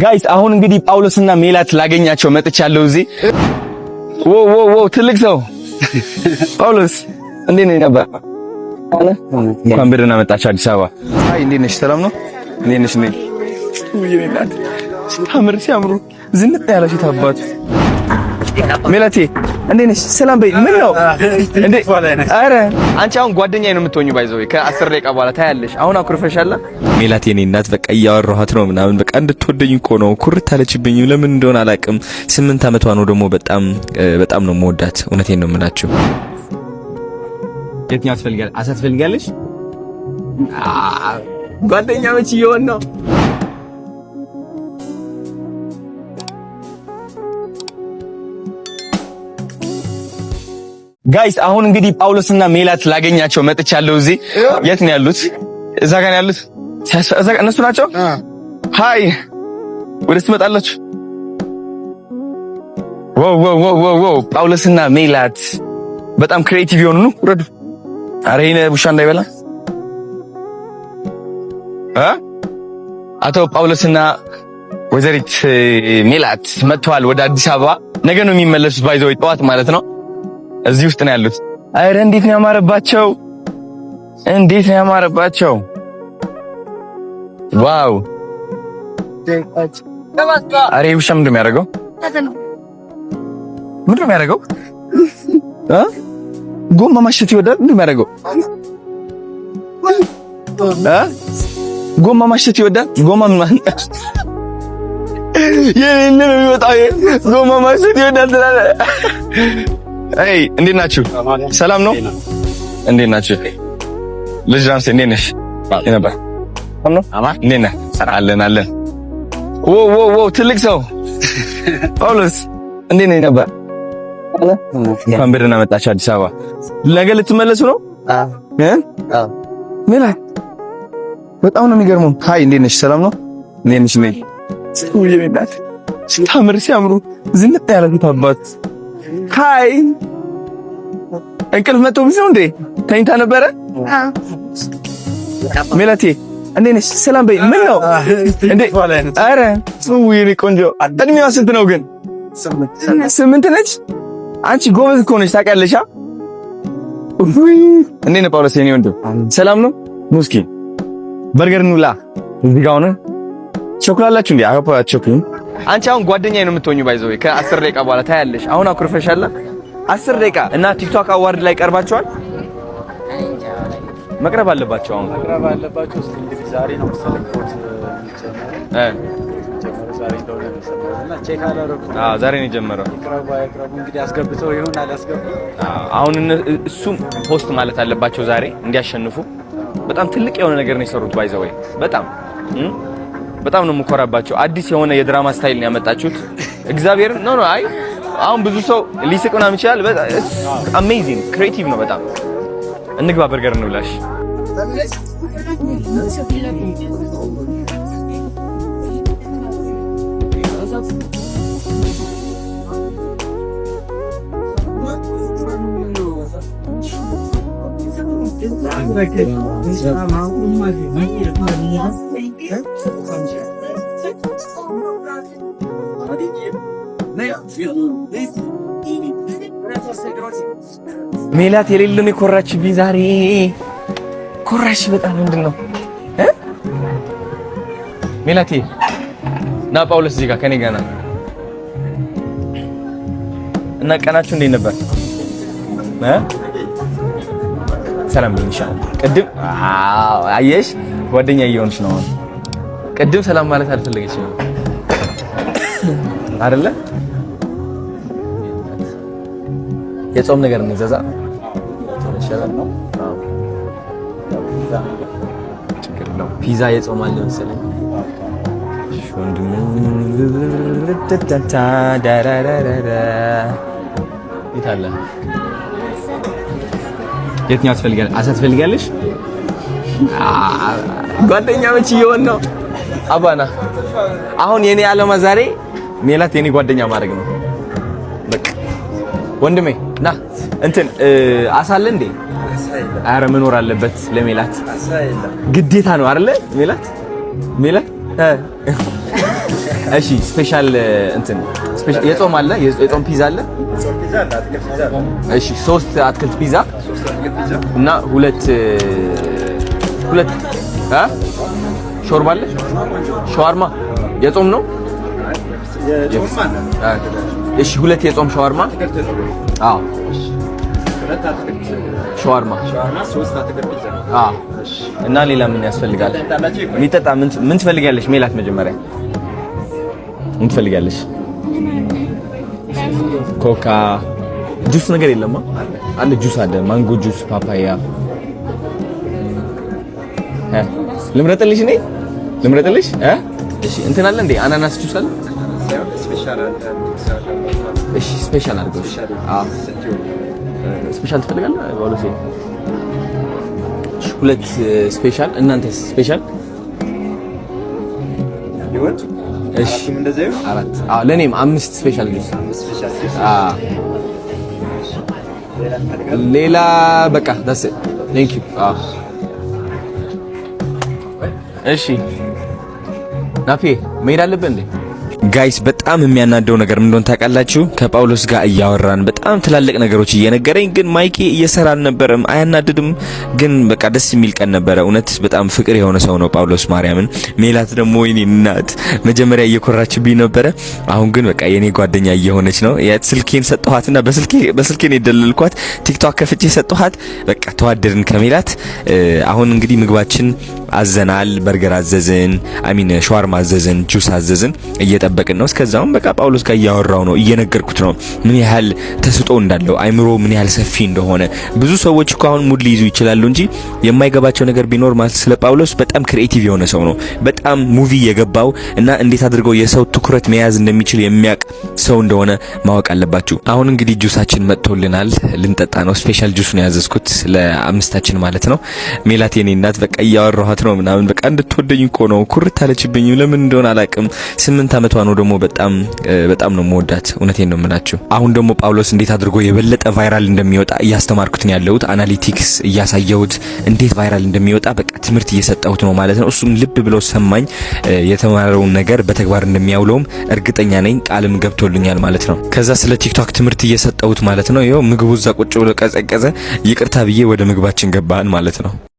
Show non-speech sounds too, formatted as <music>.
ጋይስ አሁን እንግዲህ ጳውሎስና ሜላት ላገኛቸው መጥቻለሁ። እዚህ ዎ ዎ ዎ ትልቅ ሰው <laughs> ጳውሎስ እንዴት ነህ? ነበር እንኳን በደህና መጣችሁ አዲስ አበባ። አይ እንዴት ነሽ? ሰላም ነው። እንዴት ነሽ? ነኝ ታምር ሲያምሩ ዝንጥ ያለሽ ታባቱ ሜላቴ እንዴት ነሽ? ሰላም በይ። ምን ነው እንዴ? ኧረ አንቺ አሁን ጓደኛዬ ነው የምትሆኚው። ባይዘው ከአስር ደቂቃ በኋላ ታያለሽ። አሁን አኩርፈሻል። ሜላቴ እኔ እናት በቃ እያወራኋት ነው ምናምን በቃ እንድትወደኝ እኮ ነው። ኩርት አለችብኝ ለምን እንደሆነ አላውቅም። ስምንት ዓመቷ ነው ደግሞ በጣም በጣም ነው የምወዳት። እውነቴን ነው የምላችሁ። የትኛው ትፈልጋለሽ? አሳ ትፈልጋለሽ? ጓደኛ መች እየሆን ነው ጋይስ አሁን እንግዲህ ጳውሎስና ሜላት ላገኛቸው መጥቻለሁ። እዚህ የት ነው ያሉት? እዛ ጋር ያሉት። እነሱ ናቸው። ሃይ ወደስ ትመጣላችሁ? ጳውሎስና ሜላት በጣም ክሬቲቭ የሆኑ ነው። ረዱ። አረ ይሄን ቡሻ እንዳይበላ እ አቶ ጳውሎስና ወይዘሪት ሜላት መጥተዋል ወደ አዲስ አበባ። ነገ ነው የሚመለሱት። ባይዘው ጠዋት ማለት ነው እዚህ ውስጥ ነው ያሉት። አረ እንዴት ነው ያማረባቸው! እንዴት ነው ያማረባቸው! ዋው! አረ ውሻ ምንድን ነው ያደረገው? ምንድን ነው ያደረገው? ጎማ ማሸት ይወዳል። ምንድን ነው ያደረገው? ጎማ ማሸት ይወዳል። ጎማ ምን የኔ ነው የሚወጣው? ጎማ ማሸት ይወዳል ትላለህ አይ እንዴት ናችሁ? ሰላም ነው። እንዴት ናችሁ? ልጅ ራምሴ እንዴት ነሽ? የነበር እንዴት ነህ? አለን ዎ ዎ ትልቅ ሰው <laughs> ጳውሎስ እንዴት ነህ? ነበር እንኳን በደህና መጣችሁ አዲስ አበባ። ነገ ልትመለሱ ነው? ምን ምን አይ በጣም ነው የሚገርመው። ሀይ እንዴት ነሽ? ሰላም ነው። እንዴት ነሽ? ነይ ስታምር ሲያምሩ ዝንጥ ያለ አባት ሀይ እንቅልፍ መቶ ብዙ እንዴ ተኝታ ነበረ። ሜላቴ እንዴ ነሽ? ሰላም በይ። ምን ነው እንዴ? አረ ጽው ቆንጆ እድሜዋ ስንት ነው ግን? ስምንት ነች። አንቺ ጎበዝ እኮ ነሽ ታውቂያለሽ። ውይ ነው ጳውሎስ የኔ ወንድም ሰላም ነው? ሙስኪን በርገር ኑላ እዚህ ጋር ሆነ ቸኩላላችሁ እንዴ? አጋፓ ቸኩልን አንቺ አሁን ጓደኛዬ ነው የምትሆኚው። ባይዘው ከአስር ደቂቃ በኋላ ታያለሽ። አሁን አላ አስር ደቂቃ እና ቲክቶክ አዋርድ ላይ ቀርባቸዋል። መቅረብ አለባቸው። አሁን መቅረብ አለባቸው። እስቲ እንግዲህ ዛሬ ነው መሰለኝ ፎት uh, ዛሬ ነው የጀመረው። አሁን እሱም ፖስት ማለት አለባቸው ዛሬ እንዲያሸንፉ። በጣም ትልቅ የሆነ ነገር ነው የሰሩት። ባይዘወይ በጣም በጣም ነው የምኮራባቸው። አዲስ የሆነ የድራማ ስታይል ነው ያመጣችሁት። እግዚአብሔር ኖ ኖ አይ አሁን ብዙ ሰው ሊስቅ ምናምን ይችላል። በጣም አሜዚንግ ክሬቲቭ ነው በጣም። እንግባ በርገር እንብላሽ። ሜላት የሌለን የኮራችብኝ ዛሬ ኮራሽ በጣም ምንድን ነው ሜላቴ? እና ጳውሎስ እዚህ ጋር ከኔ ጋር እና ቀናችሁ እንዴት ነበር? ሰላም ቅድም አየሽ ጓደኛ እየሆንሽ ነው። ቅድም ሰላም ማለት አልፈለገችም አይደለ? የጾም ነገር እንግዛዛ ፒዛ የጾም አለ መሰለኝ። የትኛው ትፈልጋለሽ? አሳ ጓደኛ መች እየሆን ነው? አባና አሁን የኔ ዓላማ ዛሬ ሜላት የኔ ጓደኛ ማድረግ ነው። በቃ ወንድሜ ና እንትን አሳለ እንዴ? አረ መኖር አለበት ለሜላት ግዴታ ነው አይደለ? ሜላት ሜላት እሺ፣ ስፔሻል እንትን የጾም አለ የጾም ፒዛ አለ። እሺ፣ ሶስት አትክልት ፒዛ እና ሁለት ሁለት ሾርባ አለ፣ ሸዋርማ የጾም ነው። እሺ፣ ሁለት የጾም ሸዋርማ። አዎ፣ ሸዋርማ እና ሌላ ምን ያስፈልጋል? የሚጠጣ ምን ትፈልጋለሽ? ሜላት መጀመሪያ ምን ትፈልጋለሽ? ኮካ ጁስ ነገር የለማ? አለ ጁስ አለ፣ ማንጎ ጁስ፣ ፓፓያ ልምረጥልሽ እኔ ልምረጥልሽ? እሺ እንትን አለ እንዴ? አናናስ ጁስ አለ? እሺ ስፔሻል አድርገው። እሺ አዎ ስፔሻል ትፈልጋለህ? ባሎሴ ሁለት ስፔሻል። እናንተ ስፔሻል ይሁን? እሺ አራት። አዎ ለኔም አምስት ስፔሻል ጁስ። አዎ ሌላ በቃ ዳስ ቴንክ ዩ። አዎ እሺ ናፊ መሄድ አለብን እንዴ? ጋይስ በጣም የሚያናደው ነገር ምን እንደሆነ ታውቃላችሁ? ከጳውሎስ ጋር እያወራን በጣም ትላልቅ ነገሮች እየነገረኝ ግን ማይኬ እየሰራ አልነበረም። አያናድድም ግን በቃ ደስ የሚል ቀን ነበረ። እውነት በጣም ፍቅር የሆነ ሰው ነው ጳውሎስ ማርያምን። ሜላት ደግሞ ወይኔ እናት መጀመሪያ እየኮራችብኝ ነበረ። አሁን ግን በቃ የኔ ጓደኛ እየሆነች ነው። ስልኬን ሰጠኋትና በስልኬ በስልኬን የደለልኳት ቲክቶክ ከፍቼ ሰጠኋት። በቃ ተዋደድን ከሜላት። አሁን እንግዲህ ምግባችን አዘናል። በርገር አዘዝን፣ አሚን ሸዋርማ አዘዝን፣ ጁስ አዘዝን። እየጠበቅን ነው። እስከዛውም በቃ ጳውሎስ ጋር እያወራው ነው፣ እየነገርኩት ነው ምን ያህል ተስ ተስጦ እንዳለው አይምሮ ምን ያህል ሰፊ እንደሆነ ብዙ ሰዎች እኮ አሁን ሙድ ሊይዙ ይችላሉ እንጂ የማይገባቸው ነገር ቢኖር ማለት ስለ ጳውሎስ በጣም ክሬኤቲቭ የሆነ ሰው ነው። በጣም ሙቪ የገባው እና እንዴት አድርገው የሰው ትኩረት መያዝ እንደሚችል የሚያውቅ ሰው እንደሆነ ማወቅ አለባችሁ። አሁን እንግዲህ ጁሳችን መጥቶልናል፣ ልንጠጣ ነው። ስፔሻል ጁስ ነው ያዘዝኩት ለአምስታችን ማለት ነው። ሜላቴኔ የኔ እናት በቃ እያወራኋት ነው ምናምን በቃ እንድትወደኝ እኮ ነው። ኩርት አለችብኝ፣ ለምን እንደሆነ አላቅም። ስምንት አመቷ ነው ደግሞ በጣም በጣም ነው መወዳት። እውነቴን ነው የምላችሁ። አሁን ደግሞ ጳውሎስ እንዴት እንዴት አድርጎ የበለጠ ቫይራል እንደሚወጣ እያስተማርኩት ነው ያለሁት። አናሊቲክስ እያሳየሁት እንዴት ቫይራል እንደሚወጣ በቃ ትምህርት እየሰጠሁት ነው ማለት ነው። እሱም ልብ ብሎ ሰማኝ። የተማረውን ነገር በተግባር እንደሚያውለውም እርግጠኛ ነኝ። ቃልም ገብቶልኛል ማለት ነው። ከዛ ስለ ቲክቶክ ትምህርት እየሰጠሁት ማለት ነው። ይኸው ምግቡ እዛ ቁጭ ብሎ ቀዘቀዘ። ይቅርታ ብዬ ወደ ምግባችን ገባን ማለት ነው።